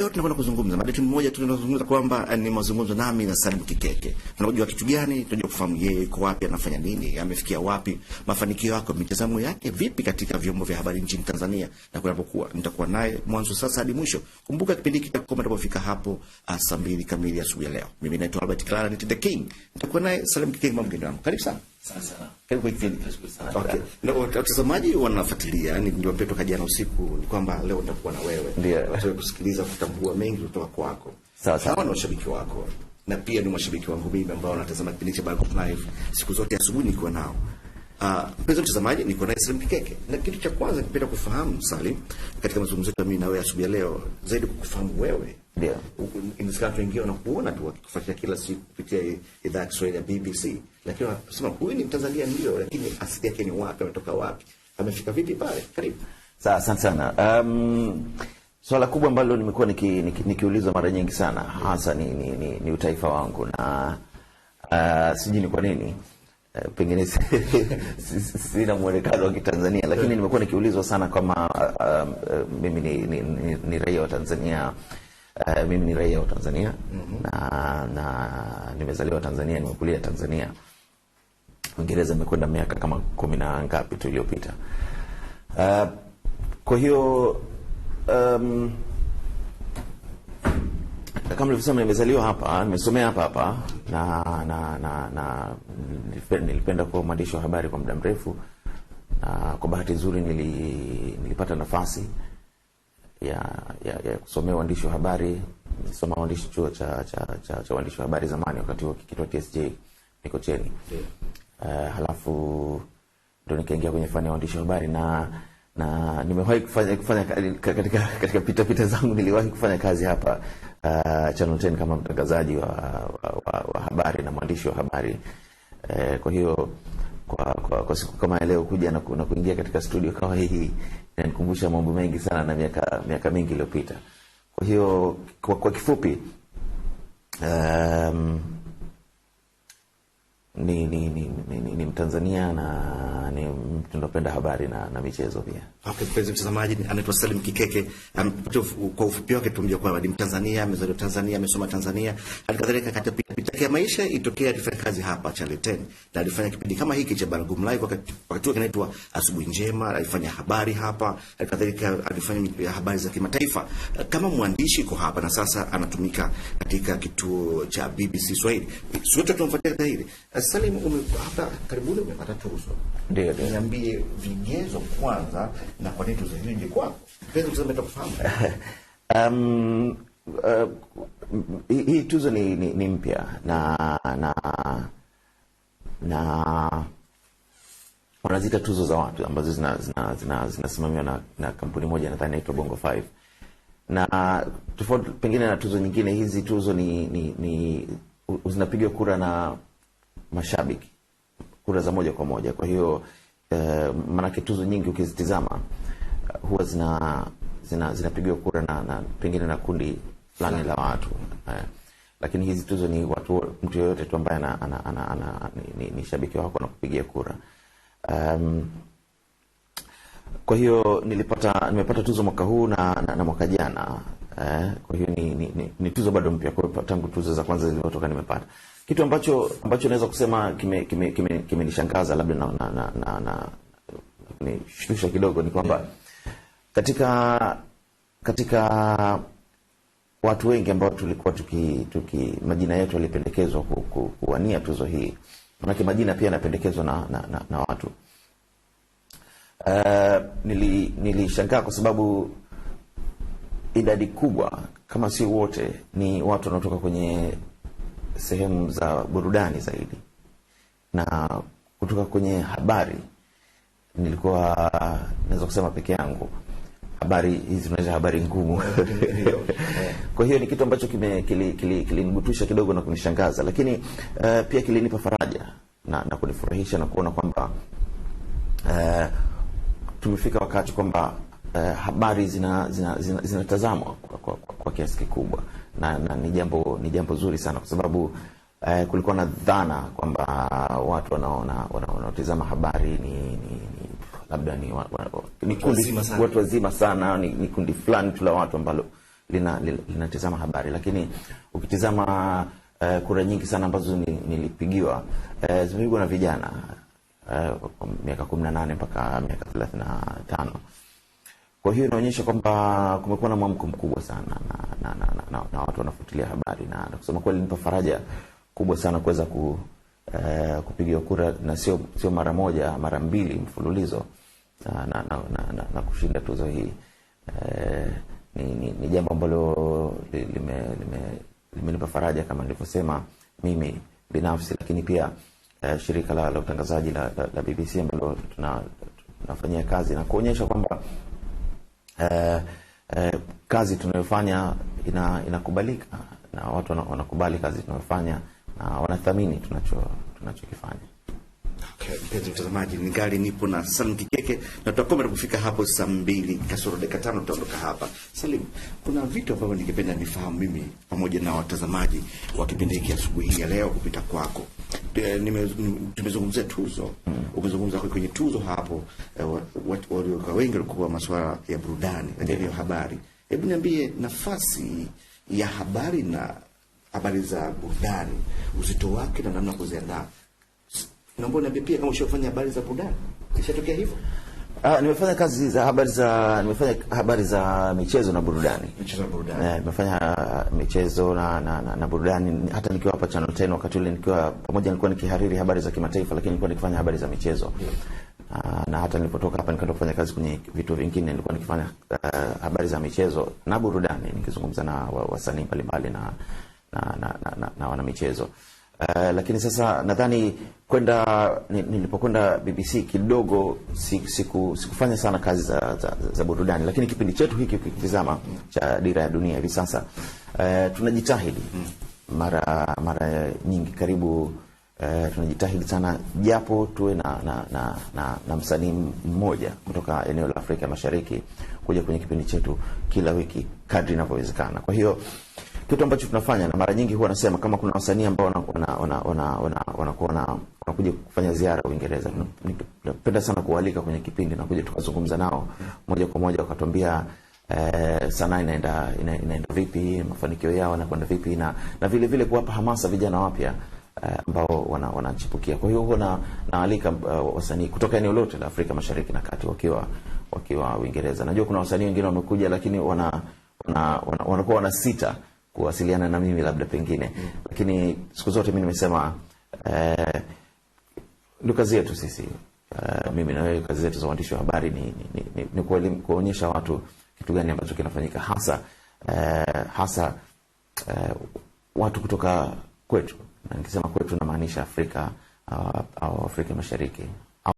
Leo tunakwenda kuzungumza madeti mmoja tu tunazungumza kwamba eh, ni mazungumzo nami na Salim Kikeke. Tunajua kitu gani, tunajua kufahamu yeye yuko wapi, anafanya nini, amefikia wapi, mafanikio yake, mitazamo yake vipi katika vyombo vya habari nchini Tanzania na kunapokuwa. Nitakuwa naye mwanzo sasa hadi mwisho. Kumbuka kipindi hiki kitakoma tunapofika hapo ah, saa mbili kamili asubuhi ya leo. Mimi naitwa Albert Clara, ni the King. Nitakuwa naye Salim Kikeke, mgeni wangu. Karibu sana. Sana. Okay. Na watazamaji wanafuatilia, yani ndio kaja na usiku ni kwamba leo nitakuwa na wewe. Ndio. kusikiliza kutambua mengi kutoka kwako. Sawa sawa. Na washabiki wako. Na pia ni mashabiki wangu mimi ambao wanatazama kipindi cha Barcode Live siku zote asubuhi niko nao. Ah, uh, mpenzi mtazamaji niko na Salim Pikeke. Na kitu cha kwanza ningependa kufahamu Salim, katika mazungumzo yetu mimi na wewe asubuhi leo, zaidi kukufahamu wewe ndio. Nisikaa wengine wanakuona tu wakikufatia kila siku kupitia idhaa ya Kiswahili ya BBC, lakini wanasema huyu ni Mtanzania ndio, lakini asili yake ni wapi? Ametoka wapi? Amefika vipi pale? Karibu. Sawa, asante sana. Um, swala so kubwa ambalo nimekuwa nikiulizwa niki, niki, mara nyingi sana hasa ni, ni, ni, ni utaifa wangu na uh, sijui ni kwa nini uh, pengine sina mwonekano wa Kitanzania, lakini nimekuwa nikiulizwa sana kama uh, um, uh, mimi ni, ni, ni, ni raia wa Tanzania Uh, mimi ni raia wa Tanzania mm -hmm. na, na nimezaliwa Tanzania, nimekulia Tanzania. Uingereza imekwenda miaka kama kumi na ngapi tu iliyopita. Uh, kwa hiyo um, kama nilivyosema nimezaliwa hapa, nimesomea hapa hapa na, na, na, na nilipenda kuwa mwandishi wa habari kwa muda mrefu, na kwa bahati nzuri nili, nilipata nafasi ya, ya, ya kusomea uandishi wa habari. soma uandishi chuo cha, cha, cha, cha uandishi wa habari zamani, wakati huo kikitwa TSJ niko cheni Yeah. Uh, halafu ndo nikaingia kwenye fani ya uandishi wa habari na na nimewahi kufanya, kufanya katika, katika pitapita zangu niliwahi kufanya kazi hapa uh, Channel 10 kama mtangazaji wa, wa, wa, wa habari na mwandishi wa habari uh, kwa hiyo kwa, kwa, kwa siku kama leo kuja na, na kuingia katika studio kama hii inanikumbusha mambo mengi sana na miaka miaka mingi iliyopita. Kwa hiyo kwa, kwa kifupi um, ni, ni, ni, ni, ni, ni Mtanzania na ni mtu napenda habari na, na michezo pia. Okay, mpenzi mtazamaji, anaitwa Salim Kikeke. Um, kwa ufupi wake tumjua kwamba ni Mtanzania, amezaliwa Tanzania, amesoma Tanzania, halikadhalika katia ya maisha itokea alifanya kazi hapa Chaleteni na alifanya kipindi kama hiki cha Baragumu Live wakati wakati kinaitwa Asubuhi Njema, alifanya habari hapa, alikadhalika alifanya habari za kimataifa kama mwandishi kwa hapa, na sasa anatumika katika kituo cha BBC Swahili. Sote tunamfuatia katika hili. Eh, Salim, ume hapa karibuni umepata tuzo, ndio ndio, niambie vigezo kwanza na kwa nini tuzo hili kwako, mpenzi mtazamaji atakufahamu um uh, hii tuzo ni, ni, ni mpya na na na wanazita tuzo za watu ambazo zinasimamiwa zina, zina, zina na, na kampuni moja nadhani naitwa Bongo 5 na tofauti pengine na tuzo nyingine, hizi tuzo ni, ni, ni zinapigwa kura na mashabiki, kura za moja kwa moja. Kwa hiyo eh, maanake tuzo nyingi ukizitizama huwa zina zinapigwa zina kura na, na pengine na kundi fulani la watu eh. Lakini hizi tuzo ni watu, mtu yoyote tu ambaye ana, ana, ana, ana, ni, ni, ni shabiki wako na kupigia kura um, kwa hiyo nilipata nimepata tuzo mwaka huu na, na, na mwaka jana eh, kwa hiyo ni, ni, ni, ni tuzo bado mpya. tangu tuzo za kwanza zilivyotoka nimepata kitu ambacho ambacho naweza kusema kimenishangaza kime, kime, kime labda na, na, na, na, na kidogo ni kwamba katika katika watu wengi ambao tulikuwa tuki, tuki majina yetu yalipendekezwa ku, ku, kuwania tuzo hii, manake majina pia yanapendekezwa na, na, na, na watu uh, nili, nilishangaa kwa sababu idadi kubwa kama si wote ni watu wanaotoka kwenye sehemu za burudani zaidi na kutoka kwenye habari. Nilikuwa naweza kusema peke yangu habari hizi tunaweza habari ngumu eh. kwa hiyo ni kitu ambacho kilinigutusha kili, kili kidogo na kunishangaza, lakini uh, pia kilinipa faraja na, na kunifurahisha na kuona kwamba uh, tumefika wakati kwamba uh, habari zinatazamwa zina, zina, zina kwa, kwa, kwa kiasi kikubwa na, na ni jambo ni jambo zuri sana kwa sababu Uh, kulikuwa na dhana kwamba watu wana, wanaotizama habari ni, ni, ni labda ni, wa, wa, wa, ni kundi watu wazima sana, ni, ni kundi fulani tu la watu ambalo linatizama lina, habari, lakini ukitizama uh, kura nyingi sana ambazo nilipigiwa ni uh, eh, zimepigwa na vijana uh, miaka kumi na nane mpaka miaka thelathini na tano. Kwa hiyo inaonyesha kwamba kumekuwa na mwamko mkubwa sana na, na, na, na, na, na watu wanafuatilia habari na, na kusema kweli nipa faraja kubwa sana kuweza ku Eh, kupigiwa kura na sio sio mara moja, mara mbili mfululizo na, na, na, na, na, na kushinda tuzo hii uh, ni, ni, ni jambo ambalo limenipa lime, lime faraja kama nilivyosema mimi binafsi, lakini pia uh, shirika la, la utangazaji la, la, la BBC ambalo tuna, tunafanyia kazi na kuonyesha kwamba uh, uh, kazi tunayofanya ina, inakubalika na watu wanakubali kazi tunayofanya na wanathamini tunacho tunachokifanya. Okay, mpenzi mtazamaji, ni gari nipo na Salim Kikeke na tutakomba na kufika hapo saa mbili kasoro dakika tano tutaondoka hapa. Salim, kuna vitu ambavyo ningependa nifahamu mimi pamoja na watazamaji wa kipindi hiki asubuhi hii ya leo kupita kwako. Tumezungumzia tuzo, hmm. umezungumza kwenye tuzo hapo eh, walioka wengi walikuwa masuala ya burudani, lakini habari, hebu niambie nafasi ya habari na habari za burudani, uzito wake na namna kuziandaa. Naomba niambie pia kama ushafanya habari za burudani, ishatokea hivyo? Ah, nimefanya kazi za habari za nimefanya habari za michezo na burudani. Michezo na burudani. Eh, nimefanya michezo na na, na, na burudani hata nikiwa hapa Channel 10 wakati ule nikiwa pamoja nilikuwa nikihariri habari za kimataifa lakini nilikuwa nikifanya habari za michezo. Yeah. Aa, ah, na hata nilipotoka hapa nikaenda kufanya kazi kwenye vitu vingine nilikuwa nikifanya uh, habari za michezo na burudani nikizungumza na wasanii mbalimbali na na, na, na, na, na wanamichezo uh, lakini sasa nadhani kwenda nilipokwenda BBC kidogo sikufanya siku, sikufanya sana kazi za, za, za burudani, lakini kipindi chetu hiki ukikitizama cha Dira ya Dunia hivi sasa uh, tunajitahidi mm. mara mara nyingi karibu Uh, tunajitahidi sana japo tuwe na, na, na, na, na msanii mmoja kutoka eneo la Afrika Mashariki kuja kwenye kipindi chetu kila wiki kadri inavyowezekana. Kwa hiyo kitu ambacho tunafanya na mara nyingi huwa nasema kama kuna wasanii ambao wanakuja kufanya ziara Uingereza, napenda sana kualika kwenye kipindi nakuja tukazungumza nao moja kwa moja, wakatuambia eh, sanaa inaenda inaenda vipi, mafanikio yao anakwenda vipi, na na vile vile kuwapa hamasa vijana wapya eh, ambao wanachipukia wana kwa hiyo huwa naalika uh, wasanii kutoka eneo lote la Afrika Mashariki na Kati wakiwa wakiwa Uingereza. Najua kuna wasanii wengine wamekuja, lakini wana wanakuwa wana, wana, wana sita kuwasiliana na mimi labda pengine mm. Lakini siku zote mi nimesema eh, kazi yetu sisi eh, mimi na wewe, kazi zetu za uandishi wa habari ni, ni, ni, ni kuonyesha watu kitu gani ambacho kinafanyika hasa eh, hasa eh, watu kutoka kwetu, na nikisema kwetu namaanisha Afrika ah, au Afrika Mashariki.